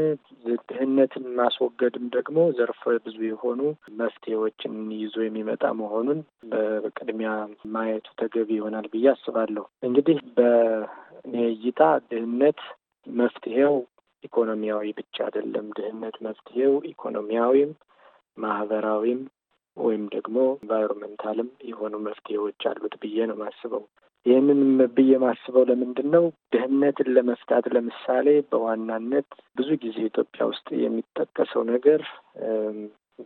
ድህነትን ማስወገድም ደግሞ ዘርፈ ብዙ የሆኑ መፍትሄዎችን ይዞ የሚመጣ መሆኑን በቅድሚያ ማየቱ ተገቢ ይሆናል ብዬ አስባለሁ። እንግዲህ በእኔ እይታ ድህነት ድህነት መፍትሄው ኢኮኖሚያዊ ብቻ አይደለም። ድህነት መፍትሄው ኢኮኖሚያዊም ማህበራዊም ወይም ደግሞ ኢንቫይሮንመንታልም የሆኑ መፍትሄዎች አሉት ብዬ ነው ማስበው። ይህንን ብዬ ማስበው ለምንድን ነው? ድህነትን ለመፍታት ለምሳሌ በዋናነት ብዙ ጊዜ ኢትዮጵያ ውስጥ የሚጠቀሰው ነገር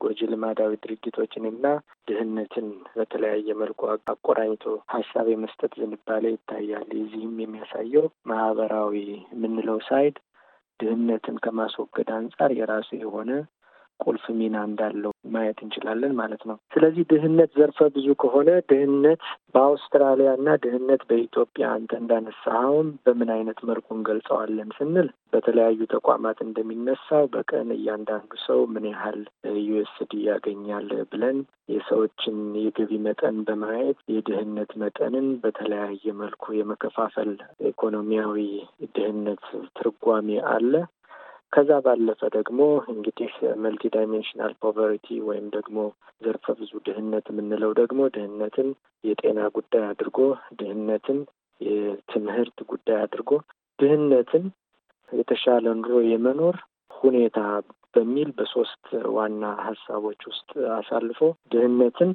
ጎጂ ልማዳዊ ድርጊቶችን እና ድህነትን በተለያየ መልኩ አቆራኝቶ ሀሳብ የመስጠት ዝንባሌ ይታያል። የዚህም የሚያሳየው ማህበራዊ የምንለው ሳይድ ድህነትን ከማስወገድ አንጻር የራሱ የሆነ ቁልፍ ሚና እንዳለው ማየት እንችላለን ማለት ነው። ስለዚህ ድህነት ዘርፈ ብዙ ከሆነ ድህነት በአውስትራሊያ እና ድህነት በኢትዮጵያ አንተ እንዳነሳኸውን በምን አይነት መልኩ እንገልጸዋለን ስንል በተለያዩ ተቋማት እንደሚነሳው በቀን እያንዳንዱ ሰው ምን ያህል ዩኤስዲ ያገኛል ብለን የሰዎችን የገቢ መጠን በማየት የድህነት መጠንን በተለያየ መልኩ የመከፋፈል ኢኮኖሚያዊ ድህነት ትርጓሜ አለ። ከዛ ባለፈ ደግሞ እንግዲህ መልቲ ዳይሜንሽናል ፖቨርቲ ወይም ደግሞ ዘርፈ ብዙ ድህነት የምንለው ደግሞ ድህነትን የጤና ጉዳይ አድርጎ ድህነትን የትምህርት ጉዳይ አድርጎ ድህነትን የተሻለ ኑሮ የመኖር ሁኔታ በሚል በሶስት ዋና ሀሳቦች ውስጥ አሳልፎ ድህነትን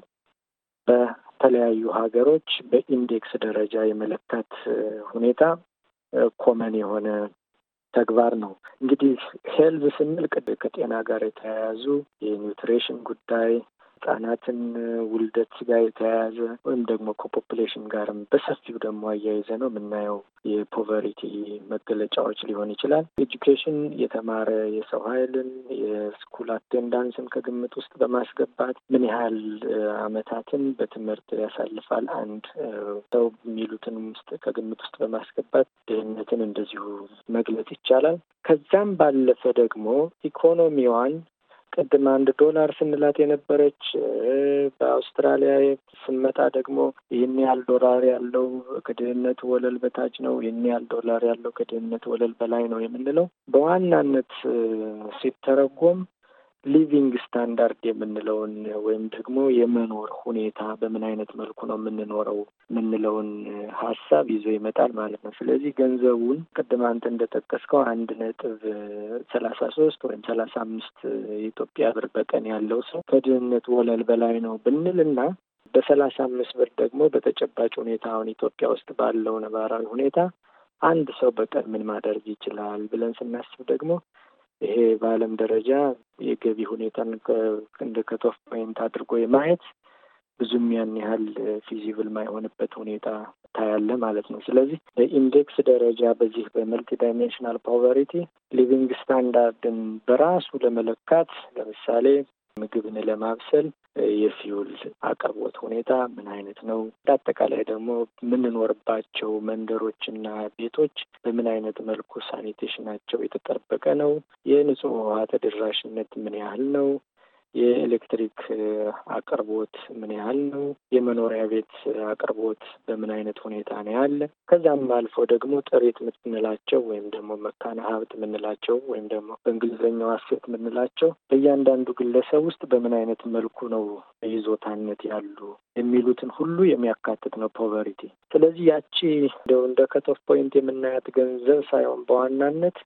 በተለያዩ ሀገሮች በኢንዴክስ ደረጃ የመለካት ሁኔታ ኮመን የሆነ ተግባር ነው። እንግዲህ ሄልዝ ስንል ከጤና ጋር የተያያዙ የኒውትሬሽን ጉዳይ ህጻናትን ውልደት ጋር የተያያዘ ወይም ደግሞ ከፖፕሌሽን ጋርም በሰፊው ደግሞ አያይዘ ነው የምናየው የፖቨሪቲ መገለጫዎች ሊሆን ይችላል። ኤጁኬሽን የተማረ የሰው ኃይልን የስኩል አቴንዳንስን ከግምት ውስጥ በማስገባት ምን ያህል አመታትን በትምህርት ያሳልፋል አንድ ሰው የሚሉትን ውስጥ ከግምት ውስጥ በማስገባት ድህነትን እንደዚሁ መግለጽ ይቻላል። ከዛም ባለፈ ደግሞ ኢኮኖሚዋን ቅድም አንድ ዶላር ስንላት የነበረች በአውስትራሊያ ስመጣ ደግሞ ይህን ያህል ዶላር ያለው ከድህነት ወለል በታች ነው፣ ይህን ያህል ዶላር ያለው ከድህነት ወለል በላይ ነው የምንለው በዋናነት ሲተረጎም ሊቪንግ ስታንዳርድ የምንለውን ወይም ደግሞ የመኖር ሁኔታ በምን አይነት መልኩ ነው የምንኖረው የምንለውን ሀሳብ ይዞ ይመጣል ማለት ነው። ስለዚህ ገንዘቡን ቅድም አንተ እንደጠቀስከው አንድ ነጥብ ሰላሳ ሶስት ወይም ሰላሳ አምስት የኢትዮጵያ ብር በቀን ያለው ሰው ከድህነት ወለል በላይ ነው ብንልና በሰላሳ አምስት ብር ደግሞ በተጨባጭ ሁኔታ አሁን ኢትዮጵያ ውስጥ ባለው ነባራዊ ሁኔታ አንድ ሰው በቀን ምን ማድረግ ይችላል ብለን ስናስብ ደግሞ ይሄ በዓለም ደረጃ የገቢ ሁኔታን እንደ ከቶፍ ፖይንት አድርጎ የማየት ብዙም ያን ያህል ፊዚብል ማይሆንበት ሁኔታ ታያለ ማለት ነው። ስለዚህ በኢንዴክስ ደረጃ በዚህ በመልቲ ዳይሜንሽናል ፖቨርቲ ሊቪንግ ስታንዳርድን በራሱ ለመለካት ለምሳሌ ምግብን ለማብሰል የፊውል አቅርቦት ሁኔታ ምን አይነት ነው? እንዳጠቃላይ ደግሞ የምንኖርባቸው መንደሮችና ቤቶች በምን አይነት መልኩ ሳኒቴሽናቸው የተጠበቀ ነው? የንጹህ ውሃ ተደራሽነት ምን ያህል ነው? የኤሌክትሪክ አቅርቦት ምን ያህል ነው? የመኖሪያ ቤት አቅርቦት በምን አይነት ሁኔታ ነው ያለ? ከዛም አልፎ ደግሞ ጥሪት የምንላቸው ወይም ደግሞ መካነ ሀብት የምንላቸው ወይም ደግሞ በእንግሊዝኛው አሴት የምንላቸው በእያንዳንዱ ግለሰብ ውስጥ በምን አይነት መልኩ ነው ይዞታነት ያሉ የሚሉትን ሁሉ የሚያካትት ነው ፖቨሪቲ። ስለዚህ ያቺ እንደው እንደ ከቶፍ ፖይንት የምናያት ገንዘብ ሳይሆን በዋናነት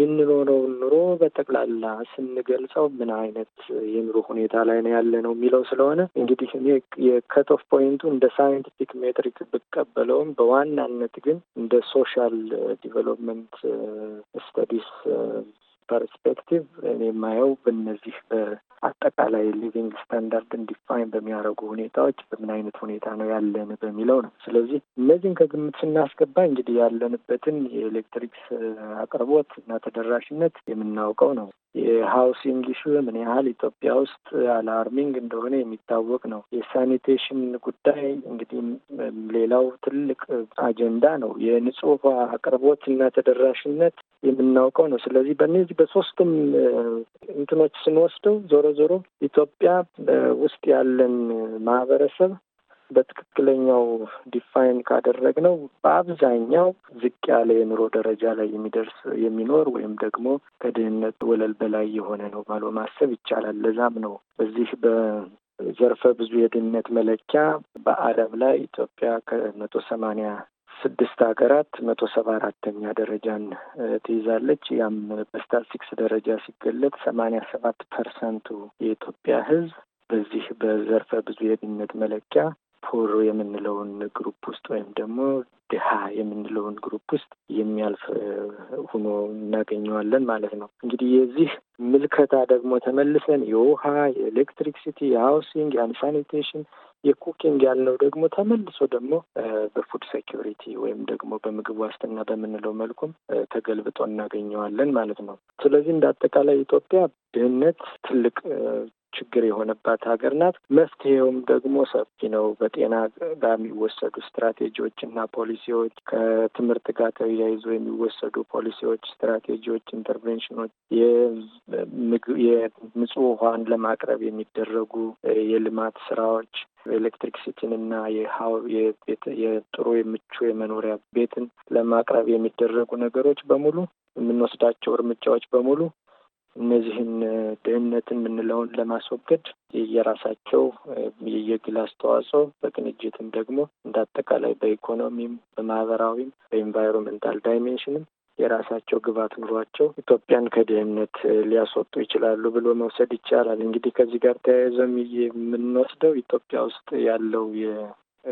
የምንኖረውን ኑሮ በጠቅላላ ስንገልጸው ምን አይነት የኑሮ ሁኔታ ላይ ነው ያለ ነው የሚለው ስለሆነ እንግዲህ እኔ የከት ኦፍ ፖይንቱ እንደ ሳይንቲፊክ ሜትሪክ ብቀበለውም በዋናነት ግን እንደ ሶሻል ዲቨሎፕመንት ስተዲስ ፐርስፔክቲቭ እኔ የማየው በነዚህ አጠቃላይ ሊቪንግ ስታንዳርድ እንዲፋይን በሚያደርጉ ሁኔታዎች በምን አይነት ሁኔታ ነው ያለን በሚለው ነው። ስለዚህ እነዚህን ከግምት ስናስገባ እንግዲህ ያለንበትን የኤሌክትሪክስ አቅርቦት እና ተደራሽነት የምናውቀው ነው። የሀውሲንግ ኢሹ ምን ያህል ኢትዮጵያ ውስጥ አላርሚንግ እንደሆነ የሚታወቅ ነው። የሳኒቴሽን ጉዳይ እንግዲህ ሌላው ትልቅ አጀንዳ ነው። የንጹህ አቅርቦት እና ተደራሽነት የምናውቀው ነው። ስለዚህ በእነዚህ በሶስቱም እንትኖች ስንወስደው ዞሮ ዞሮ ኢትዮጵያ ውስጥ ያለን ማህበረሰብ በትክክለኛው ዲፋይን ካደረግነው በአብዛኛው ዝቅ ያለ የኑሮ ደረጃ ላይ የሚደርስ የሚኖር ወይም ደግሞ ከድህነት ወለል በላይ የሆነ ነው ባሎ ማሰብ ይቻላል። ለዛም ነው በዚህ በዘርፈ ብዙ የድህነት መለኪያ በዓለም ላይ ኢትዮጵያ ከመቶ ሰማኒያ ስድስት ሀገራት መቶ ሰባ አራተኛ ደረጃን ትይዛለች። ያም በስታትስቲክስ ደረጃ ሲገለጥ ሰማንያ ሰባት ፐርሰንቱ የኢትዮጵያ ሕዝብ በዚህ በዘርፈ ብዙ የድህነት መለኪያ ፖር የምንለውን ግሩፕ ውስጥ ወይም ደግሞ ድሀ የምንለውን ግሩፕ ውስጥ የሚያልፍ ሆኖ እናገኘዋለን ማለት ነው። እንግዲህ የዚህ ምልከታ ደግሞ ተመልሰን የውሃ፣ የኤሌክትሪክሲቲ፣ የሃውሲንግ፣ የአንድ የኩኪንግ ያልነው ደግሞ ተመልሶ ደግሞ በፉድ ሴኪሪቲ ወይም ደግሞ በምግብ ዋስትና በምንለው መልኩም ተገልብጦ እናገኘዋለን ማለት ነው። ስለዚህ እንደ አጠቃላይ ኢትዮጵያ ድህነት ትልቅ ችግር የሆነባት ሀገር ናት። መፍትሄውም ደግሞ ሰፊ ነው። በጤና ጋር የሚወሰዱ ስትራቴጂዎች እና ፖሊሲዎች፣ ከትምህርት ጋር ተያይዞ የሚወሰዱ ፖሊሲዎች፣ ስትራቴጂዎች፣ ኢንተርቬንሽኖች፣ የምግብ የንጹህ ውሃን ለማቅረብ የሚደረጉ የልማት ስራዎች ኤሌክትሪክ ሲቲንና የጥሩ የምቹ የመኖሪያ ቤትን ለማቅረብ የሚደረጉ ነገሮች በሙሉ የምንወስዳቸው እርምጃዎች በሙሉ እነዚህን ድህነትን የምንለውን ለማስወገድ የየራሳቸው የየግል አስተዋጽኦ በቅንጅትም ደግሞ እንደ አጠቃላይ በኢኮኖሚም፣ በማህበራዊም፣ በኢንቫይሮንመንታል ዳይሜንሽንም የራሳቸው ግብዓት ኑሯቸው ኢትዮጵያን ከድህነት ሊያስወጡ ይችላሉ ብሎ መውሰድ ይቻላል። እንግዲህ ከዚህ ጋር ተያይዘም የምንወስደው ኢትዮጵያ ውስጥ ያለው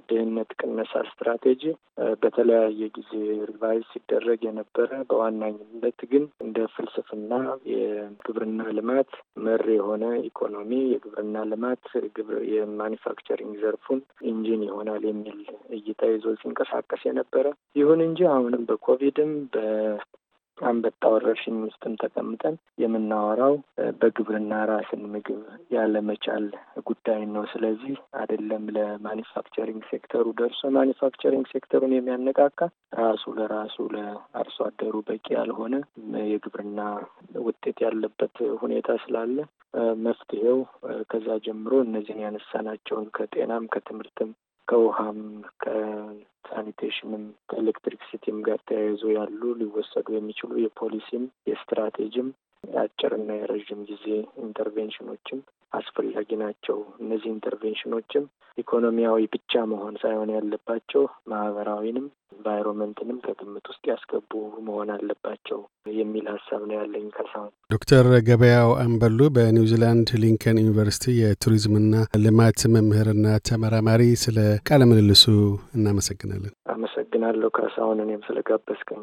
ድህነት ቅነሳ ስትራቴጂ በተለያየ ጊዜ ሪቫይዝ ሲደረግ የነበረ በዋናኝነት ግን እንደ ፍልስፍና የግብርና ልማት መር የሆነ ኢኮኖሚ የግብርና ልማት የማኒፋክቸሪንግ ዘርፉን ኢንጂን ይሆናል የሚል እይታ ይዞ ሲንቀሳቀስ የነበረ ይሁን እንጂ አሁንም በኮቪድም አንበጣ ወረርሽኝ ውስጥም ተቀምጠን የምናወራው በግብርና ራስን ምግብ ያለመቻል ጉዳይ ነው። ስለዚህ አይደለም ለማኒፋክቸሪንግ ሴክተሩ ደርሶ ማኒፋክቸሪንግ ሴክተሩን የሚያነቃቃ ራሱ ለራሱ ለአርሶ አደሩ በቂ ያልሆነ የግብርና ውጤት ያለበት ሁኔታ ስላለ መፍትሄው ከዛ ጀምሮ እነዚህን ያነሳናቸውን ከጤናም ከትምህርትም ከውሃም ከሳኒቴሽንም ከኤሌክትሪክ ሲቲም ጋር ተያይዞ ያሉ ሊወሰዱ የሚችሉ የፖሊሲም የስትራቴጂም የአጭርና የረዥም ጊዜ ኢንተርቬንሽኖችም አስፈላጊ ናቸው። እነዚህ ኢንተርቬንሽኖችም ኢኮኖሚያዊ ብቻ መሆን ሳይሆን ያለባቸው ማህበራዊንም ኢንቫይሮንመንትንም ከግምት ውስጥ ያስገቡ መሆን አለባቸው የሚል ሀሳብ ነው ያለኝ። ካሳሁን ዶክተር ገበያው አንበሉ በኒውዚላንድ ሊንከን ዩኒቨርሲቲ የቱሪዝምና ልማት መምህርና ተመራማሪ፣ ስለ ቃለ ምልልሱ እናመሰግናለን። አመሰግናለሁ ካሳሁን፣ እኔም ስለጋበዝከኝ።